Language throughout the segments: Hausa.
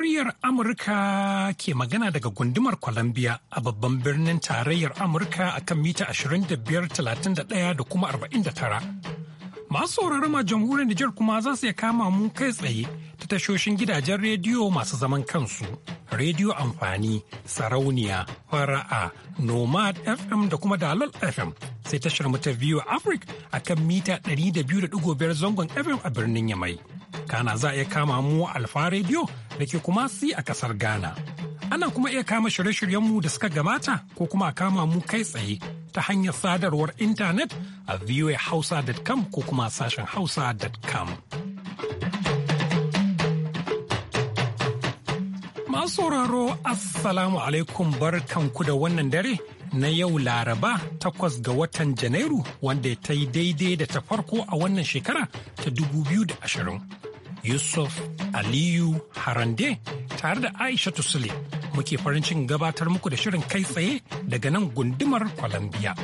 muryar Amurka ke magana daga gundumar Columbia a babban birnin tarayyar Amurka a kan mita 25,31 da kuma 49. Masu sauraron ma jamhuriyar Nijar kuma za su iya kama mu kai tsaye ta tashoshin gidajen rediyo masu zaman kansu, rediyo amfani, sarauniya, fara'a, nomad FM da kuma dalal FM. Sai tashar mu ta a Africa a kan mita 200.5 zangon FM a birnin Yamai. Kana za a iya kama mu Alfa rediyo da ke kuma si a kasar Ghana. Ana kuma iya kama shirye-shiryenmu da suka gamata ko kuma a kama mu kai tsaye ta hanyar sadarwar intanet a voahausa.com ko kuma sashen hausa.com. Masu sauraro Assalamu alaikum barkanku da wannan dare na yau Laraba takwas ga watan Janairu wanda ta yi daidai da ta farko a wannan shekara ta 2020. Yusuf Aliyu Harande tare da Aisha Tusule muke farin cikin gabatar muku da shirin kai tsaye daga nan gundumar Columbia.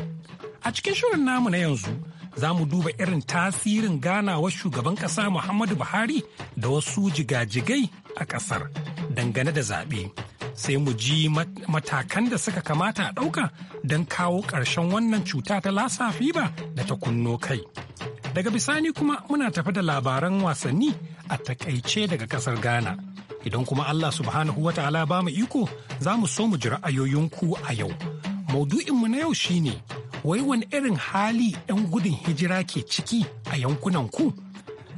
A cikin shirin namu na yanzu za mu duba irin tasirin ganawar shugaban ƙasa Muhammadu Buhari da wasu jigajigai a ƙasar dangane da zaɓe. Sai mu ji matakan da suka kamata a ɗauka don kawo ƙarshen wannan cuta ta lasa fiba da ta kunno kai. Daga bisani kuma muna tafi da labaran wasanni a takaice daga ƙasar Ghana. Idan kuma Allah subhanahu wa ta'ala ba mu iko za mu so mu ji ra'ayoyinku a yau. Maudu'inmu na yau shine wai wani irin hali 'yan gudun hijira ke ciki a yankunan ku?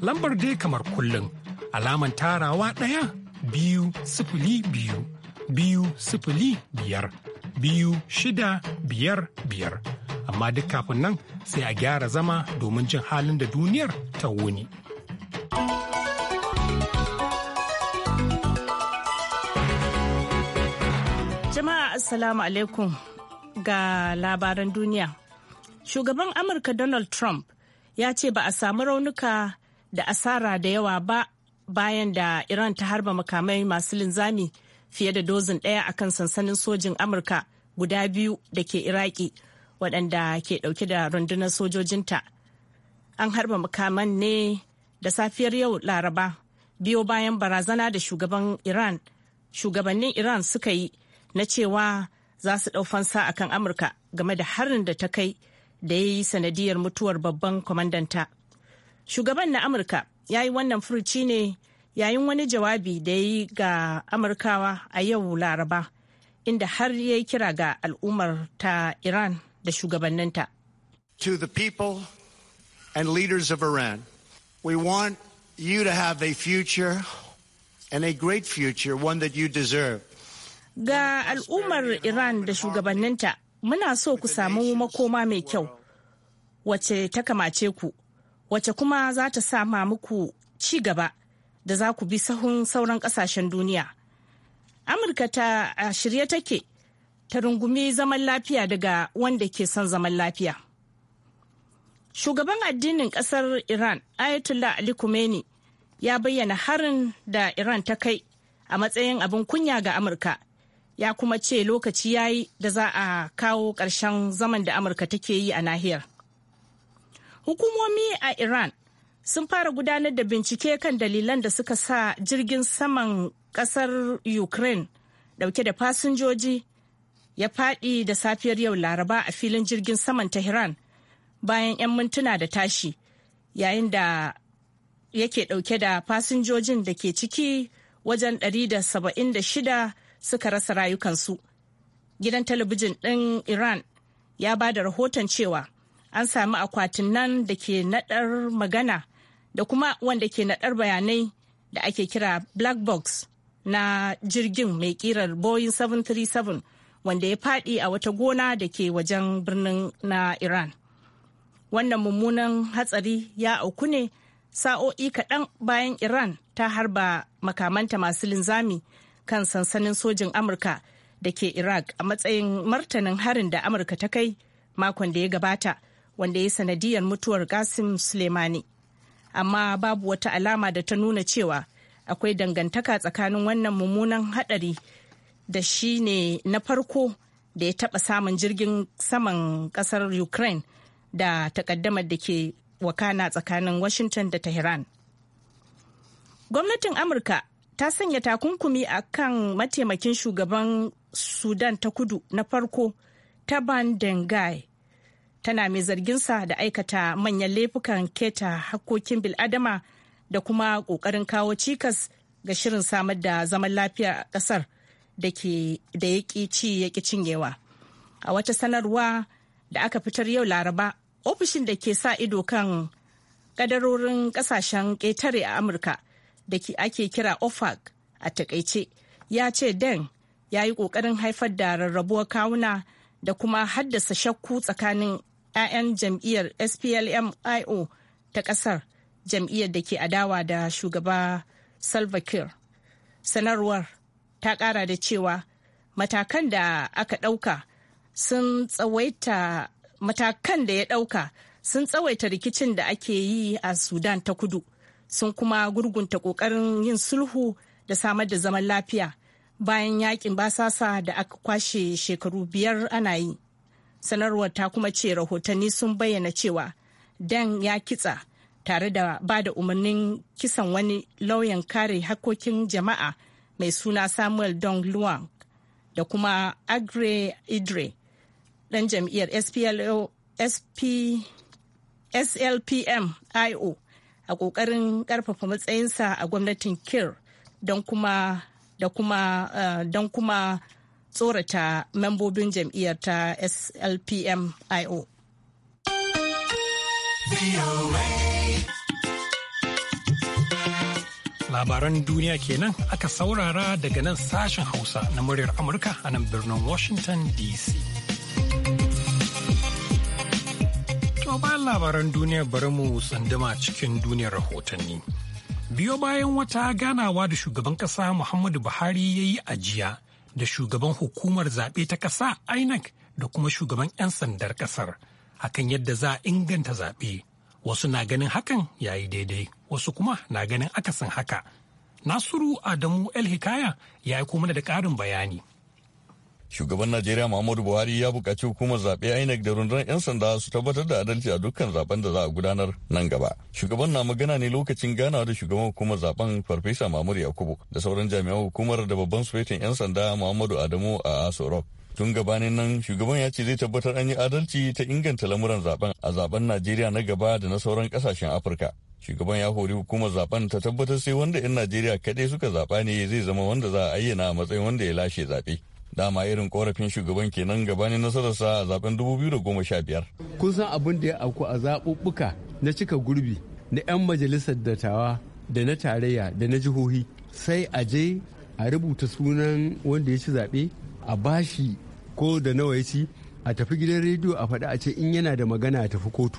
Lambar dai kamar kullum, alaman tarawa ɗaya biyu sifili biyu, biyu sifili biyar, biyu shida biyar biyar. Amma duk kafin nan sai a gyara zama domin jin halin da duniyar ta wuni. Jama'a Assalamu alaikum ga labaran duniya. Shugaban Amurka Donald Trump ya ce ba a samu raunuka da asara da yawa ba bayan da Iran ta harba makamai masu linzami fiye da dozin ɗaya akan sansanin sojin Amurka guda biyu da ke Iraki waɗanda ke ɗauke da rundunar sojojinta. An harba makaman ne da safiyar yau Laraba biyo bayan barazana da shugaban Iran, shugabannin Iran suka yi na cewa za su ɗau fansa a kan amurka game da harin da ta kai da ya yi sanadiyar mutuwar babban kwamandanta shugaban na amurka ya yi wannan furuci ne yayin wani jawabi da ya yi ga amurkawa a yau laraba inda har ya yi kira ga al'ummar ta iran da shugabanninta to the people and leaders of iran we want you to have a future and a great future one that you deserve Ga al'ummar Iran da shugabanninta, muna so ku samu makoma mai kyau, wace ta kamace ku, wace kuma za ta ma muku ci gaba da za ku bi sahun sauran ƙasashen duniya. Amurka ta shirye take ta rungumi zaman lafiya daga wanda ke son zaman lafiya. Shugaban addinin ƙasar Iran, Ayatollah Ali Khomeini, ya bayyana harin da Iran ta kai a matsayin abin kunya ga Amurka ya kuma ce lokaci ya yi da za a kawo ƙarshen zaman da amurka take yi a nahiyar hukumomi a iran sun fara gudanar da bincike kan dalilan da suka sa jirgin saman ƙasar ukraine dauke da fasinjoji ya faɗi da safiyar yau laraba a filin jirgin saman tehran bayan 'yan mintuna da tashi yayin da yake dauke da fasinjojin da ke ciki wajen 176 suka rasa rayukansu gidan talabijin ɗin iran ya ba da rahoton cewa an sami akwatin nan da ke naɗar magana da kuma wanda ke naɗar bayanai da ake kira black box na jirgin mai kirar boyin 737 wanda ya faɗi a wata gona da ke wajen birnin na iran wannan mummunan hatsari ya auku ne sa'o'i kaɗan bayan iran ta harba makamanta masu linzami kan sansanin sojin amurka da ke iraq a matsayin martanin harin da amurka ta kai makon da ya gabata wanda ya sanadiyar mutuwar qasim suleimani amma babu wata alama da ta nuna cewa akwai dangantaka tsakanin wannan mummunan hadari da shi ne na farko da ya taɓa samun jirgin saman ƙasar ukraine da takaddamar da ke wakana tsakanin washington da tehran gwamnatin amurka ta sanya takunkumi a kan mataimakin shugaban sudan ta kudu na farko taban dengai tana mai zarginsa da aikata manyan laifukan keta hakkokin biladama da kuma ƙoƙarin kawo cikas ga shirin samar da zaman lafiya a kasar da ya ci ya ki cinyewa a wata sanarwa da aka fitar yau laraba ofishin da ke sa ido kan kadarorin ƙasashen ƙetare a amurka da ake kira OFAC a takaice ya ce den ya yi ƙoƙarin haifar da rarrabuwar kawuna da kuma haddasa shakku tsakanin 'ya'yan jam'iyyar SPLM-IO ta ƙasar jam'iyyar da ke adawa da shugaba Salva Sanarwar ta ƙara da cewa matakan da aka ɗauka sun tsawaita matakan da ya ɗauka sun tsawaita rikicin da ake yi a Sudan ta kudu. sun kuma gurgunta kokarin yin sulhu da samar da zaman lafiya bayan yakin basasa da aka kwashe shekaru biyar ana yi sanarwar ta kuma ce rahotanni sun bayyana cewa dan ya kitsa tare da ba da umarnin kisan wani lauyan kare hakkokin jama'a mai suna samuel don luang da kuma agre idre dan jam'iyyar splpm io a ƙoƙarin ƙarfafa matsayinsa a gwamnatin kir don kuma da kuma eh, don kuma tsorata membobin jam'iyyar ta slpmio labaran duniya kenan aka saurara daga nan sashen hausa na muryar amurka a nan birnin washington dc To bayan labaran duniya bari mu sanduma cikin duniyar rahotanni. Biyo bayan wata ganawa da shugaban kasa Muhammadu Buhari ya yi ajiya da shugaban hukumar zaɓe ta ƙasa INEC da kuma shugaban 'yan sandar ƙasar hakan yadda za a inganta zaɓe. Wasu na ganin hakan ya yi daidai, wasu kuma na ganin akasin haka. Nasiru Adamu El Hikaya ya yi kuma da ƙarin bayani. Shugaban Najeriya Muhammadu Buhari ya bukaci hukumar zaɓe INEC da rundunar 'yan sanda su tabbatar da adalci a dukkan zaben da za a gudanar nan gaba. Shugaban na magana ne lokacin ganawa da shugaban hukumar zaben Farfesa Mamur Yakubu da sauran jami'an hukumar da babban sufetin 'yan sanda Muhammadu Adamu a Aso Rock. tun gabanin nan shugaban ya ce zai tabbatar an yi adalci ta inganta lamuran zaben a zaben najeriya na gaba da na sauran kasashen afirka shugaban ya hori hukumar zaben ta tabbatar sai wanda 'yan najeriya kaɗai suka zaɓa ne zai zama wanda za a ayyana a matsayin wanda ya lashe zaɓe dama irin korafin shugaban kenan gabanin nasararsa a zaben 2015 kun san abin da ya auku a zaɓuɓɓuka na cika gurbi na 'yan majalisar dattawa da na tarayya da na jihohi sai a je a rubuta sunan wanda ya ci zaɓe a bashi ko da nawa ya ci a tafi gidan rediyo a faɗi a ce in yana da magana a tafi kotu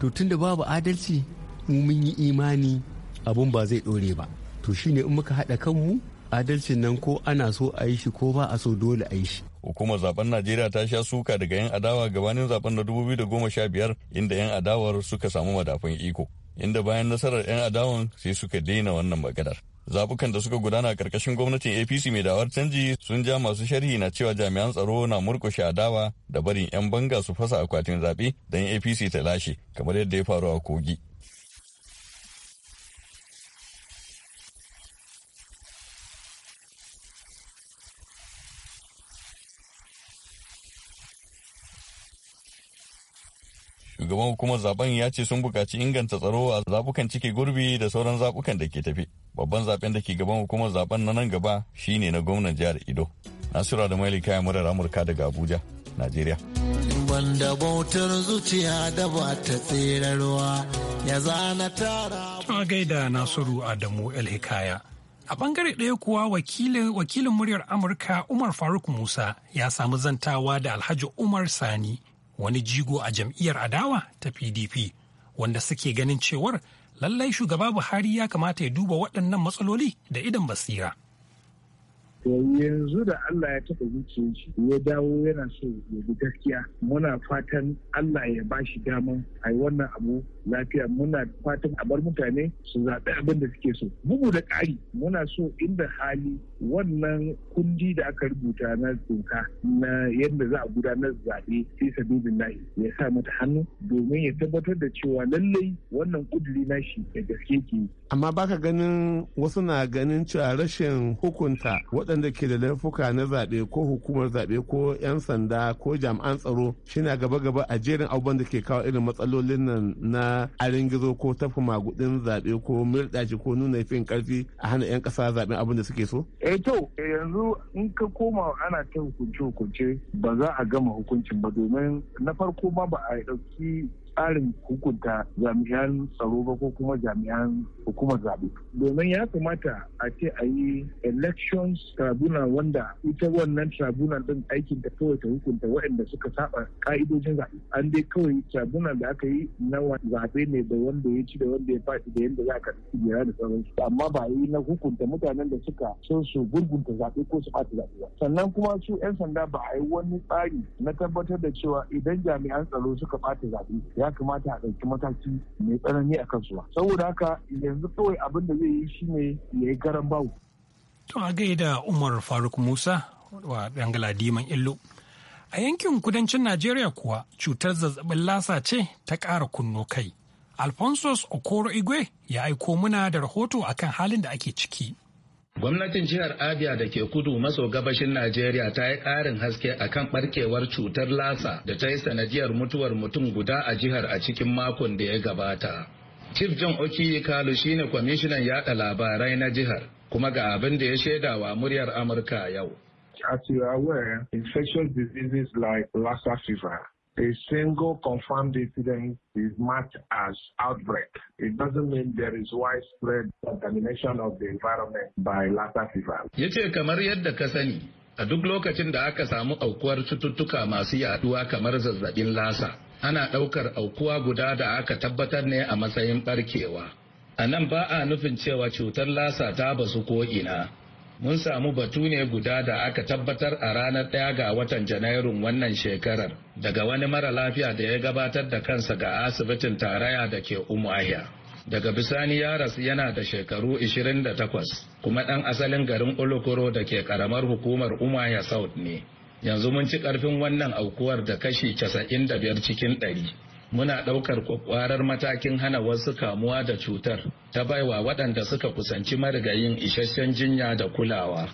to tunda babu adalci mu mun yi imani abun ba zai ɗore ba to shine in muka haɗa kanmu adalcin nan ko ana so a yi shi ko ba a so dole a yi shi hukumar zaben najeriya ta sha suka daga 'yan adawa gabanin zaben na 2015 inda 'yan adawar suka samu madafun iko inda bayan nasarar 'yan adawan sai suka daina wannan maganar zabukan da suka gudana a karkashin gwamnatin apc mai dawar canji sun ja masu sharhi na cewa jami'an tsaro na murkushe adawa da barin 'yan banga su fasa akwatin zaɓe don apc ta lashe kamar yadda ya faru a kogi Shugaban hukumar zaben ya ce sun bukaci inganta tsaro a zabukan cike gurbi da sauran zabukan da ke tafi. Babban zaben da ke gaban hukumar zaben na nan gaba shine na gwamnan jihar Ido. Nasiru da Maili kayan murar Amurka daga Abuja, Najeriya. wanda bautar zuciya da ba ta tsirarwa ya zana tara. Tun gaida Nasiru Adamu El Hikaya. A bangare ɗaya kuwa wakilin muryar Amurka Umar Faruk Musa ya samu zantawa da Alhaji Umar Sani wani jigo a jam'iyyar adawa ta pdp wanda suke ganin cewar lallai shugaba buhari ya kamata ya duba waɗannan matsaloli da idan basira to yanzu da Allah ya taɓa zuciyar shi ya dawo yana so ya bi gaskiya muna fatan Allah ya ba shi daman a wannan abu lafiya muna fatan a bar mutane su zaɓi abin da suke so bugu da ƙari muna so inda hali wannan kundi da aka rubuta na doka na yadda za a gudanar zaɓe fi sabibillahi ya sa mata hannu domin ya tabbatar da cewa lallai wannan kuduri na shi da gaske ke amma baka ganin wasu na ganin cewa rashin hukunta waɗanda ke da laifuka na zaɓe ko hukumar zaɓe ko 'yan sanda ko jami'an tsaro na gaba-gaba a jerin abubuwan da ke kawo irin matsalolin nan na arin gizo ko tafi magudin zaɓe ko mirɗaci ko nuna fin ƙarfi a hana 'yan ƙasa zaɓen abin da suke so? eh to eh, yanzu in ka koma ana ta hukunce-hukunce ba za a gama hukuncin ba domin na farko ma ba a ɗauki tsarin hukunta jami'an tsaro ba ko kuma jami'an hukumar zaɓe. Domin ya kamata a ce a yi elections tribunal wanda ita wannan tribunal din aikin ta kawai ta hukunta waɗanda suka saba ka'idojin zaɓe. An dai kawai tribunal da aka yi na zaɓe ne da wanda ya ci da wanda ya faɗi da yadda za ka jira da sauransu. Amma ba yi na hukunta mutanen da suka so su gurgunta zaɓe ko su ɓata zaɓe ba. Sannan kuma su 'yan sanda ba a yi wani tsari na tabbatar da cewa idan jami'an tsaro suka ɓata zaɓe ya ya kamata a ɗauki mataki mai tsanani a kan ba saboda haka yanzu kawai abin da zai yi shine ya yi garan bawu. to a gaida umar faruk musa wa dangala diman illo a yankin kudancin najeriya kuwa cutar zazzabin lasa ce ta ƙara kunno kai alphonsus okoro igwe ya aiko muna da rahoto akan halin da ake ciki. Gwamnatin jihar Abia da ke kudu maso gabashin Najeriya ta yi ƙarin haske a kan ɓarkewar cutar lasa da ta yi sanadiyar mutuwar mutum guda a jihar a cikin makon da ya gabata. Chief John Okiyi Kalu shine kwamishinan yaɗa labarai na jihar kuma ga abin da ya shaida wa muryar Amurka yau. As you are aware, infectious diseases like Lassa fever a single confirmed incident is marked as outbreak. It doesn't mean there is widespread contamination of the environment by Lassa fever. yace kamar yadda ka sani, a duk lokacin da aka samu aukuwar cututtuka masu yaduwa kamar zazzabin lasa, ana ɗaukar aukuwa guda da aka tabbatar ne a matsayin ɓarkewa. A nan ba a nufin cewa cutar lasa ta basu ko'ina. mun samu batu ne guda da aka tabbatar a ranar ɗaya ga watan janairun wannan shekarar daga wani mara lafiya da ya gabatar da kansa ga asibitin taraya da ke umuahia daga bisani ya rasu yana da shekaru 28 kuma ɗan asalin garin ulukuro da ke ƙaramar hukumar umuahia south ne yanzu mun ci ƙarfin wannan aukuwar da kashi 95 cikin ɗari. muna ɗaukar kwakwarar matakin hana wasu kamuwa da cutar ta baiwa waɗanda suka kusanci marigayin isasshen jinya da kulawa.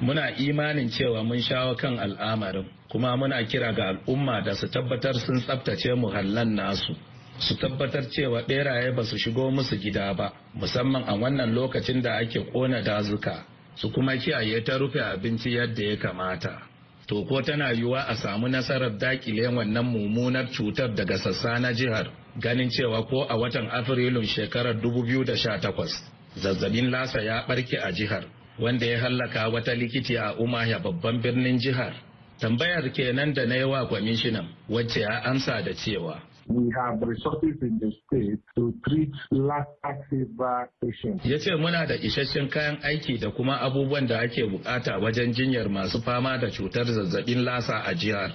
Muna imanin cewa mun shawo kan al'amarin kuma muna kira ga al'umma da su tabbatar sun tsabtace muhallan nasu. Su tabbatar cewa ɓeraye ba su shigo musu gida ba, musamman a wannan lokacin da ake ƙona dazuka, su kuma kiyaye ta rufe abinci yadda ya kamata. to ko tana yiwuwa a samu nasarar dakile wannan mummunar cutar daga sassa na jihar ganin cewa ko a watan afrilun shekarar 2018 zazzabin lasa ya barke a jihar wanda ya hallaka wata likiti a ya babban birnin jihar tambayar kenan da na yi wa kwamishinan wacce ya amsa da cewa we have resources in the state to treat lactic fever uh, patients. Ya ce muna da isasshen kayan aiki da kuma abubuwan da ake bukata wajen jinyar masu fama da cutar zazzabin lasa a jihar.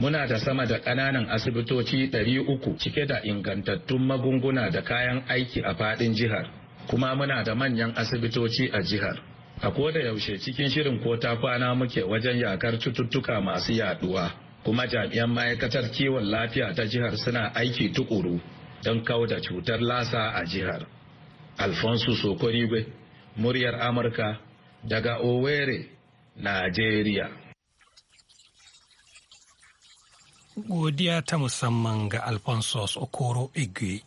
Muna da sama da ƙananan asibitoci 300 cike da ingantattun magunguna da kayan aiki a faɗin jihar, kuma muna da manyan asibitoci a jihar. A koda yaushe cikin shirin ko ta kwana muke wajen yakar cututtuka masu yaduwa. kuma jami'an ma'aikatar kiwon lafiya ta jihar suna aiki tukuru don da cutar lasa a jihar alfonso sokoribe muryar amurka daga owerri Najeriya. godiya ta musamman ga alfonso okoro igwe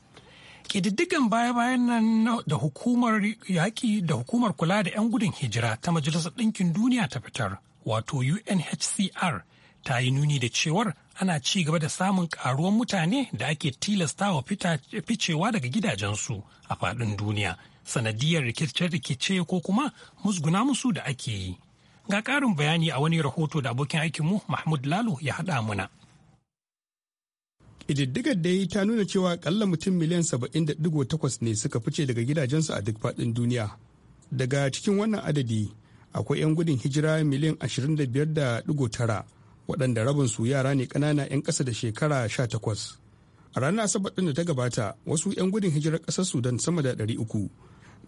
ƙididdigan baya-bayan nan da hukumar yaƙi da hukumar kula da 'yan gudun hijira ta majalisar ɗinkin duniya ta fitar wato unhcr ta yi nuni da cewar ana ci gaba da samun karuwan mutane da ake tilastawa ficewa daga gidajensu a faɗin duniya sanadiyar rikice-rikice ko kuma musguna musu da ake yi. Ga ƙarin bayani a wani rahoto da abokin aikinmu Mahmud Lalo ya haɗa muna. Ƙididdigar dai ta nuna cewa ƙalla mutum miliyan 70.8 ne suka fice daga gidajensu a duk faɗin duniya. Daga cikin wannan adadi akwai 'yan gudun hijira miliyan 25.9 waɗanda rabinsu yara ne ƙanana 'yan ƙasa da shekara 18 a ranar asabar ɗin da ta gabata wasu 'yan gudun hijirar ƙasar sudan sama da 300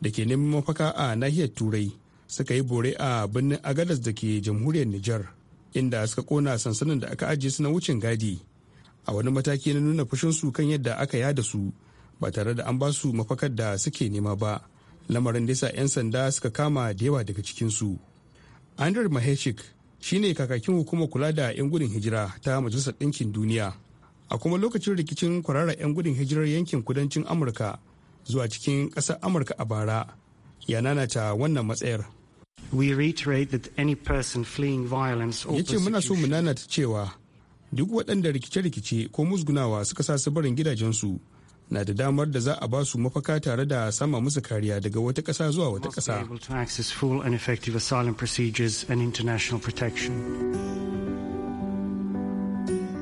da ke neman mafaka a nahiyar turai suka yi bore a birnin agadas da ke jamhuriyar nijar inda suka kona sansanin da aka ajiye su na wucin gadi a wani mataki na nuna su kan yadda aka yada su ba tare da an ba su mafakar da suke nema ba lamarin da yasa 'yan sanda suka kama da yawa daga cikinsu andrew maheshik shine kakakin hukumar kula da 'yan gudun hijira ta majalisar ɗinkin duniya a kuma lokacin rikicin kwararra 'yan gudun hijirar yankin kudancin amurka zuwa cikin ƙasar amurka a bara ya nanata wannan matsayar ya ce muna so mu nanata cewa duk waɗanda rikice-rikice ko musgunawa suka sa su barin gidajensu na da damar da za a ba su mafaka tare da sama musu kariya daga wata ƙasa zuwa wata ƙasa.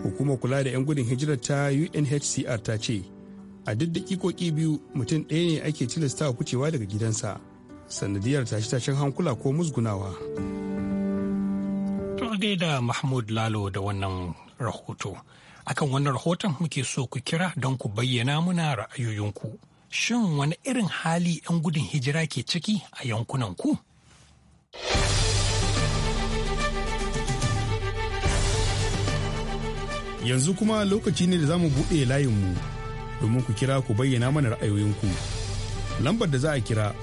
Hukumar kula da 'yan gudun hijirar ta UNHCR ta ce, a duk da dakikoki biyu mutum ɗaya ne ake tilastawa kucewa daga gidansa, sanadiyar tashe-tashen hankula ko musgunawa. To a gaida Mahmud Lalo da wannan rahoto. Akan wannan rahoton muke so ku kira don ku bayyana muna ra'ayoyinku. Shin wani irin hali 'yan gudun hijira ke ciki a yankunan ku? Yanzu kuma lokaci ne da za mu buɗe layinmu domin ku kira ku bayyana mana ra'ayoyinku. Lambar da za a kira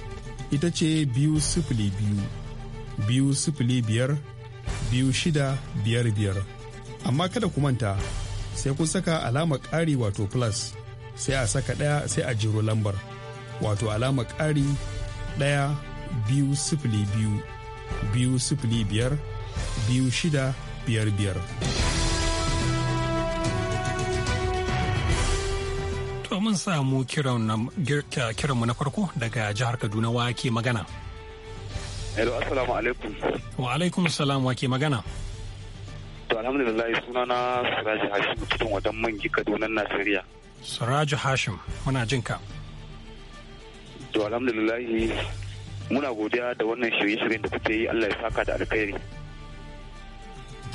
ita ce biyu sifili biyu, biyu sifili biyar, biyu shida biyar biyar. Amma kada ku manta sai kun saka alama ƙari wato plus sai a saka ɗaya sai a jiro lambar wato alama ƙari ɗaya biyu sifili biyu biyu sifili biyar biyu shida biyar biyar. To mun samu kiranmu na farko daga jihar Kaduna wa ke magana. Hello, assalamu alaikum. Wa alaikum salam wa ke magana. alhamdulillah suna na Siraju Hashim cikin wadan mangi kadunan Najeriya. Siraju Hashim muna jin ka. To alhamdulillah muna godiya da wannan shirye-shiryen da kuke yi Allah ya saka da alkhairi.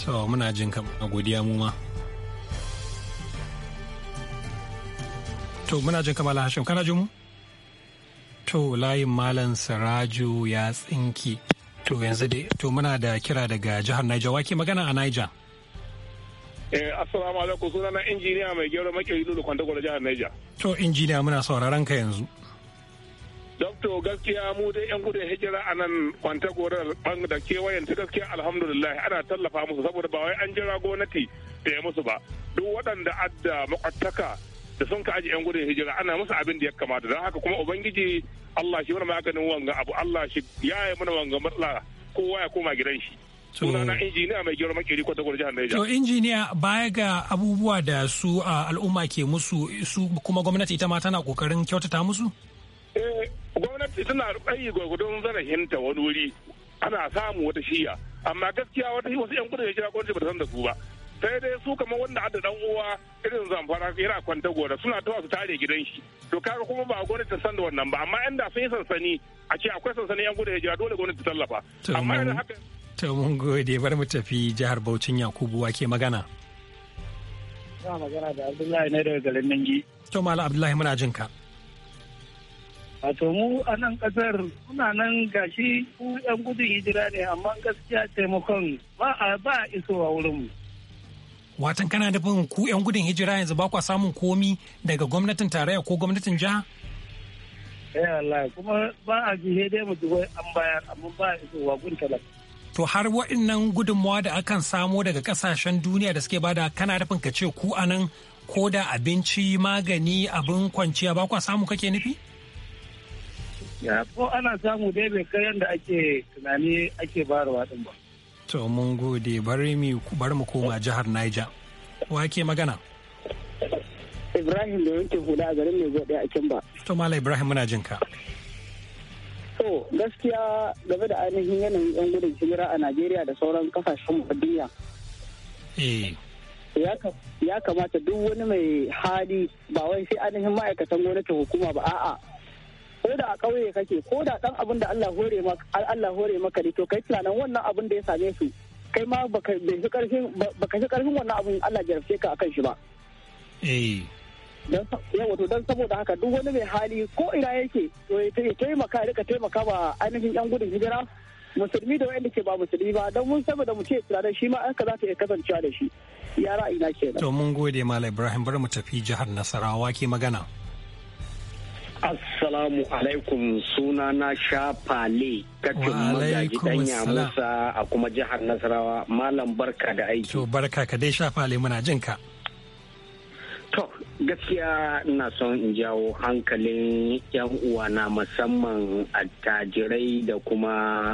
To muna jin ka muna godiya mu ma. To muna jin ka Malam Hashim kana jin mu? To layin Malam Siraju ya tsinki. To yanzu dai to muna da kira daga jihar Niger wake magana a Niger. Eh, assalamu alaikum na injiniya mai gero makeri lulu kwanta gwada jihar Niger. To injiniya muna sauraron ka yanzu. Dokto gaskiya mu dai yan gudun hijira a nan kwanta gwada da kewayen ta gaskiya alhamdulillah ana tallafa musu saboda ba wai an jira gwamnati da ya musu ba. Duk waɗanda adda makwattaka da sun ka aji yan gudun hijira ana musu abin da ya kamata don haka kuma ubangiji Allah shi mana maganin wanga abu Allah shi yaye mana wanga matsala kowa ya koma gidan shi. sunana injiniya mai girma kiri kwata gwar jihar Niger. To injiniya baya ga abubuwa da su al'umma ke musu su kuma gwamnati ita ma tana kokarin kyautata musu? Eh gwamnati tana ayi gwagwadon zarahinta wani wuri ana samu wata shiya amma gaskiya wata wasu yan kudu ya shiga gwamnati ba san da su ba. sai dai su kamar wanda adda dan uwa irin zamfara yana kwanta gora suna tawa su tare gidan shi to kaga kuma ba gwamnati ta san da wannan ba amma inda sun yi sansani a ce akwai sansani yan gudu hijira dole gwamnati ta tallafa amma irin haka To mun gode bari mu tafi jihar Bauchin Yakubu wake magana. Ina magana da Abdullahi ne daga garin Nangi. To Malam Abdullahi muna jin ka. Wato mu a nan kasar muna nan gashi ku yan gudun hijira ne amma gaskiya taimakon ba a ba isowa wurin mu. Watan kana da bin ku yan gudun hijira yanzu ba kwa samun komi daga gwamnatin tarayya ko gwamnatin jiha? Eh Allah kuma ba a jihe dai mu an bayar amma ba a isowa gun talaka. to har waɗannan gudunmawa da akan samo daga kasashen duniya da suke bada kana rufin ka ce ku anan ko da abinci magani abin kwanciya ba kwa samu kake nufi? ya ko ana samu dai bai kai yadda ake tunani ake bayarwa din ba to mun gode bari mu koma jihar Niger wa ke magana Ibrahim da yanke hula a garin mai gode a can ba to Malam Ibrahim muna jinka. so gaskiya game da ainihin yanayin 'yan gudun hijira a Najeriya da sauran kasashen duniya. Eh. Ya kamata duk wani mai hali ba wai sai ainihin ma'aikatan gwamnatin hukuma ba a'a. Ko da a ƙauye kake ko da ɗan abin da Allah hore maka Allah hore maka ne to kai tunanin wannan abin da ya same su kai ma baka fi ƙarfin wannan abin Allah jarabce ka akan shi ba. Eh. yawa to don saboda haka duk wani mai hali ko ina yake to ya taimaka ya rika taimaka ba ainihin yan gudun hijira musulmi da wayanda ke ba musulmi ba don mun saboda mu ce tunanin shi ma aka za ta iya kasancewa da shi ya ra'ayina kenan to mun gode malam ibrahim bar mu tafi jihar nasarawa ke magana Assalamu alaikum suna na shafale kacin magaji danya Musa a kuma jihar Nasarawa Malam barka da aiki. To barka ka dai shafale muna jinka. gaskiya ina son in jawo hankalin 'yan uwa na musamman attajirai da kuma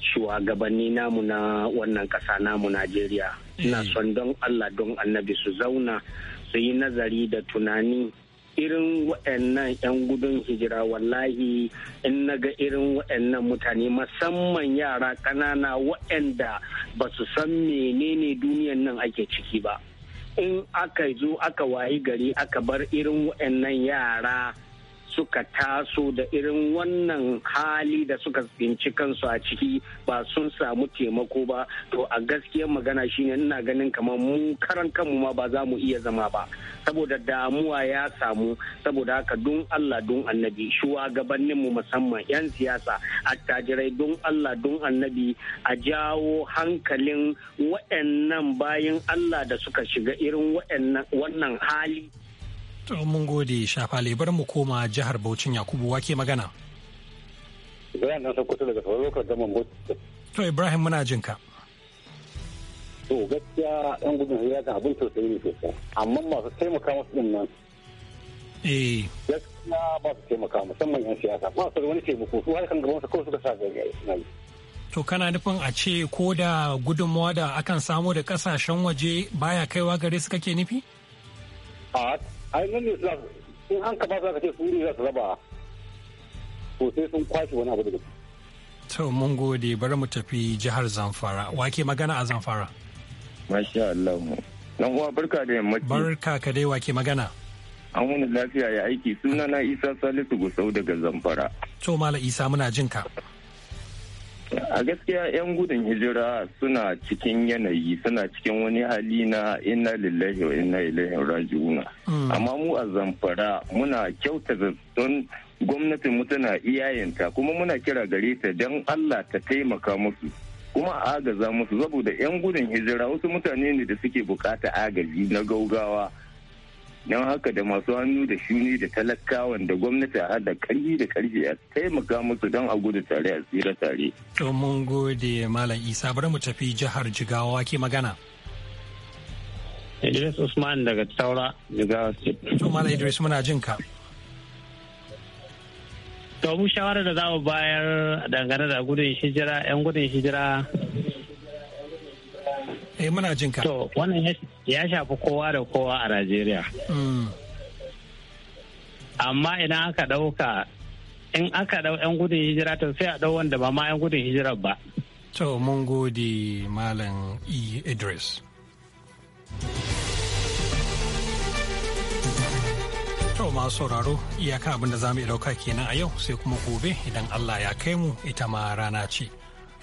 shugabanni namu na wannan ƙasa namu najeriya ina eh. son don allah don annabi su zauna su yi nazari da tunani irin wa'annan 'yan gudun hijira wallahi in na ga irin waɗannan mutane musamman yara ƙanana waɗanda ba su san menene duniyan nan ake ciki ba in aka zo aka wayi gari aka bar irin wa'annan yara suka taso da irin wannan hali da suka tsinci kansu a ciki ba sun samu taimako ba to a gaskiyar magana shine ina ganin kamar mu karan kanmu ma ba za mu iya zama ba saboda damuwa ya samu saboda haka don Allah don annabi shugabannin mu musamman 'yan siyasa attajirai don Allah don annabi a jawo hankalin waɗannan bayan Allah da suka shiga irin wannan hali mun gode shafale bar mu koma jihar Bauchin Yakubu wake magana. Ibrahim na kusa daga Sorokar Gaman Bauchi. To Ibrahim muna jin ka. To gaskiya ɗan gudun hijira kan abin tausayi ne sosai amma masu taimaka masu ɗin nan. Eh. Gaskiya ba su taimaka musamman 'yan siyasa ba su da wani taimako su har kan gaban su kawai suka sa gari. To kana nufin a ce ko da gudunmawa da akan samu da kasashen waje baya kaiwa gare su kake nufi? A ai nan ne suna in an kafa su aka ce su ne za su raba to sai sun kwashe wani abu daga to mun gode bari mu tafi jihar zamfara wake magana a zamfara masha Allah dan uwa barka da yammaci barka ka dai wake magana an wani lafiya ya aiki suna na isa salisu gusau daga zamfara to mala isa muna jinka. a gaskiya 'yan gudun hijira suna cikin yanayi suna cikin wani hali na inna lillahi wa inna ilaihi raji'una mm. amma mu a zamfara muna kyauta don gwamnatin mu tana iyayenta kuma muna kira gare ta don allah ta taimaka musu kuma a agaza musu saboda 'yan gudun hijira wasu mutane ne da suke bukata agaji na gaugawa don haka da masu hannu da shuni da talakawan da gwamnati a hada karfi da karfi a taimaka musu don a gudu tare a tsira tare. To mun gode Malam Isa bari mu tafi jihar Jigawa ke magana. Idris Usman daga Taura Jigawa State. To Malam Idris muna jin ka. To mu shawarar da za mu bayar dangane da gudun hijira 'yan gudun hijira eh muna jin ka to wannan ya shafi kowa da kowa a Najeriya mm. amma idan aka dauka in aka dau yan gudun hijira to sai a dau wanda ba ma yan gudun hijirar ba to mun gode malam E Idris To masu sauraro iyaka abin da za mu dauka kenan a yau sai kuma gobe idan Allah ya kai mu ita ma rana ce.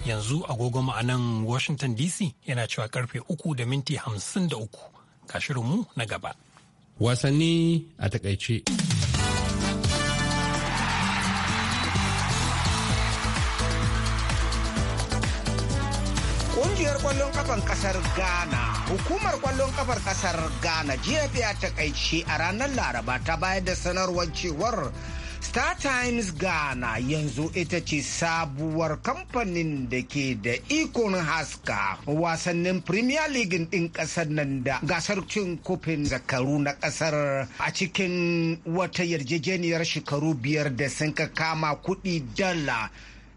yanzu agogo ma'anan washington dc yana cewa karfe uku da minti hamsin da uku ga shirinmu na gaba wasanni a takaice Ƙungiyar ƙwallon kafan ƙasar Ghana, hukumar ƙwallon kafar ƙasar Ghana jiya ta taƙaice a ranar Laraba ta bayar da sanarwar cewar Star Times Ghana yanzu ita ce sabuwar kamfanin da ke da ikon haska wasannin Premier League ɗin ƙasar nan da gasar cin kofin zakaru na ƙasar a cikin wata yarjejeniyar shekaru biyar da sun kama kuɗi dala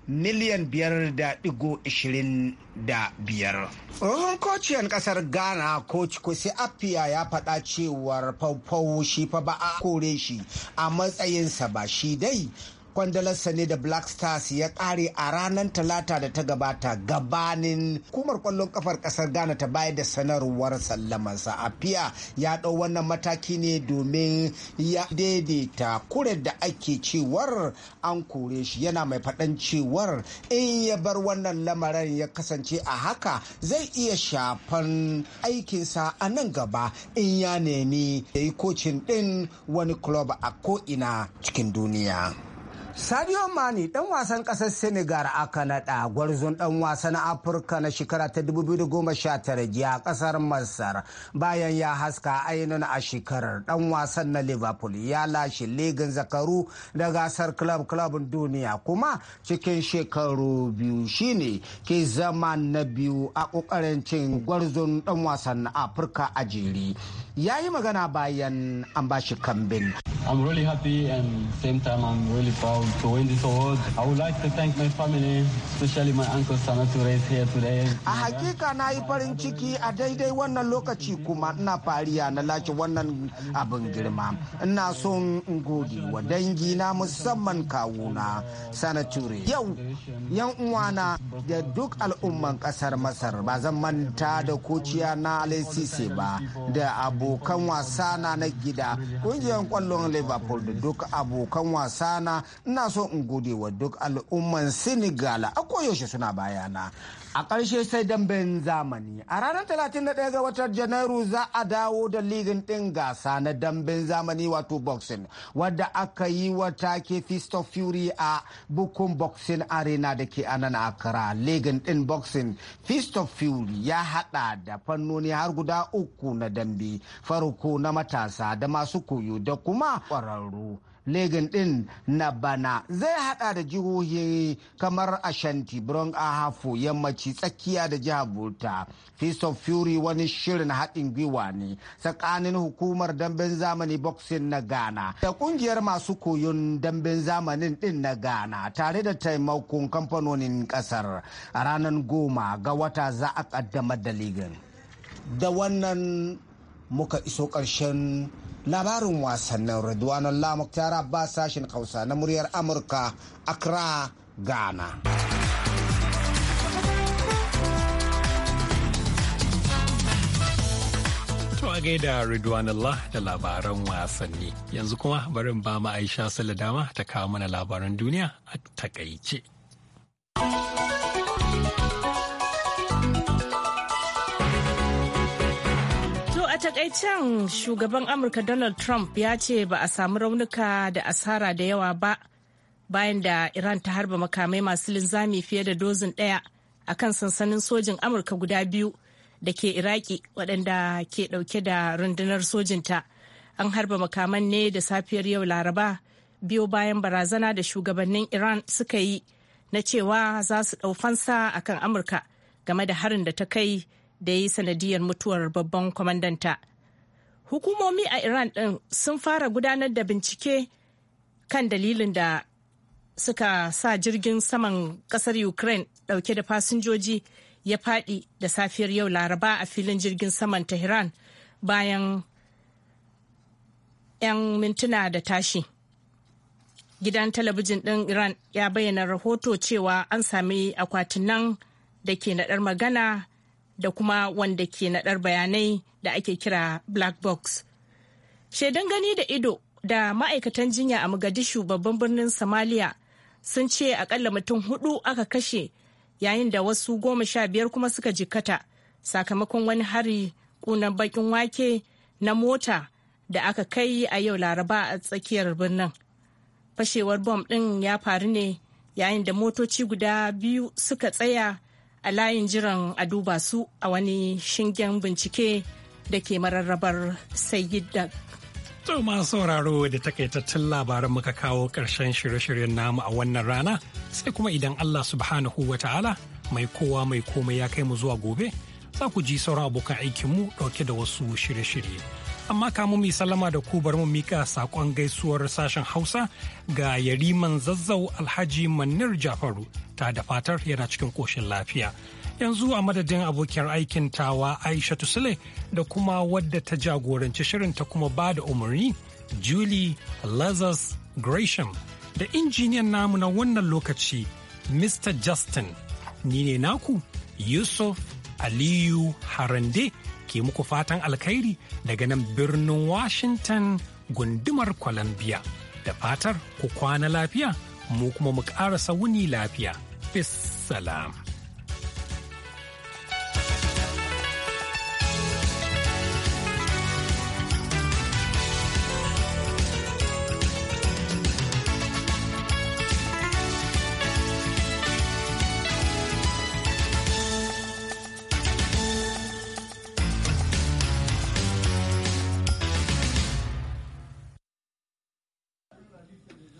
miliyan biyar da digo ishirin da biyar. Tsohon kociyan kasar Ghana ko Kwesi Appiah ya faɗa cewar faufau shi fa ba a kore shi a matsayinsa ba shi dai kwandalarsa ne da black stars ya kare a ranar talata da ta gabata gabanin kumar kwallon kafar kasar ghana ta bayar da sanarwar sallamansa afiya ya ɗau wannan mataki ne domin ya daidaita kuren da ake cewar an kore shi yana mai faɗan cewar in ya bar wannan lamarin ya kasance a haka zai iya shafan aikinsa a nan gaba in ya nemi ya yi kocin ɗin wani club a ko'ina cikin duniya. Sadio Mane dan wasan kasar Senegal aka nada gwarzon dan wasa na Afirka na shekara ta 2019 jiya a kasar Masar bayan ya haska ainihin a shekarar dan wasan na Liverpool ya lashe ligin zakaru da gasar club club duniya kuma cikin shekaru biyu shine ke zama na biyu a kokarin cin gwarzon dan wasan na Afirka a jere. Ya yi magana bayan an bashi kambin. I'm really happy and same time I'm really proud to this award. I would like to thank my family, especially my uncle here today. A hakika na yi farin ciki a daidai wannan lokaci kuma ina fariya na lace wannan abin girma. Ina son in gode wa dangi na musamman kawuna Sanature. Yau yan uwana da duk al'umman kasar Masar ba zan manta da kociya na Alessi ba da abokan wasa na na gida kungiyar kwallon Liverpool da duk abokan wasa na ina so in gode wa duk al'umman senegal a koyaushe suna bayana a ƙarshe sai damben zamani a ranar talatin 31 ga watan janairu za a dawo da ligin ɗin gasa na damben zamani wato boxing wadda aka yi wa take fist of fury a bukun boxing arena da ke anan akara ligin ɗin boxing fist of fury ya haɗa da fannoni har guda uku na dambe farko na matasa da masu koyo da kuma ƙwararru legin din na bana zai hada da jihohi kamar ashanti bron ahafo yammaci tsakiya da jihar bauta feast of fury wani shirin haɗin gwiwa ne tsakanin hukumar damben zamani boxing na ghana da kungiyar masu koyon damben zamanin din na ghana tare da taimakon kamfanonin kasar a ranar goma ga wata za a kaddamar da ligin da wannan muka iso ƙarshen labarin wasannin Ridwanul Lamuktar Abbas sashen Hausa na muryar Amurka Accra, Ghana. To a gaida da labaran wasanni. Yanzu kuma barin ba mu Aisha Sala dama ta kawo mana labaran duniya a takaice. takaicen shugaban Amurka Donald Trump ya ce ba a samu raunuka da asara da yawa ba bayan da Iran ta harba makamai masu linzami fiye da dozin daya a kan sansanin sojin Amurka guda biyu da ke Iraki waɗanda ke ɗauke da rundunar sojinta. An harba makaman ne da safiyar yau Laraba biyu bayan barazana da shugabannin Iran suka yi na cewa za su ɗau fansa akan Amurka game da harin da ta kai da ya yi sanadiyar mutuwar babban kwamandanta. Hukumomi a Iran ɗin sun fara gudanar da bincike kan dalilin da suka sa jirgin saman ƙasar Ukraine ɗauke da fasinjoji ya faɗi da safiyar yau Laraba a filin jirgin saman Tehran bayan 'yan mintuna da tashi. Gidan talabijin ɗin Iran ya bayyana rahoto cewa an sami akwatinan da ke naɗar magana da kuma wanda ke naɗar bayanai da ake kira black box. Shaidan gani da ido da ma'aikatan jinya a Mogadishu babban birnin Somalia sun ce akalla mutum hudu aka kashe yayin da wasu goma sha biyar kuma suka jikkata sakamakon wani hari kunan bakin wake na mota da aka kai a yau laraba a tsakiyar birnin. Fashewar bom ɗin ya faru ne yayin da motoci guda biyu suka tsaya a layin jiran a duba su a wani shingen bincike da ke mararrabar sayidda. To ma sauraro da takaitattun labaran muka kawo ƙarshen shirye-shiryen namu a wannan rana sai kuma idan Allah subhanahu wa ta'ala mai kowa mai komai ya kai mu zuwa gobe za ku ji sauran abokan aikinmu ɗauke da wasu shirye-shirye. amma kamun mu sallama da ku bari mu mika sakon gaisuwar sashen hausa ga yariman zazzau alhaji manir jafaru ta da fatar yana cikin koshin lafiya yanzu a madadin abokiyar aikin tawa aisha Tusile da kuma wadda ta jagoranci shirin ta kuma ba da umarni julie lazarus gresham da injiniyan namu na wannan lokaci mr justin ni ne naku yusuf Aliyu Harande ke muku fatan alkhairi daga nan birnin Washington gundumar Columbia. Da fatar ku kwana lafiya, mu kuma mu ƙara wuni lafiya. Bis salam.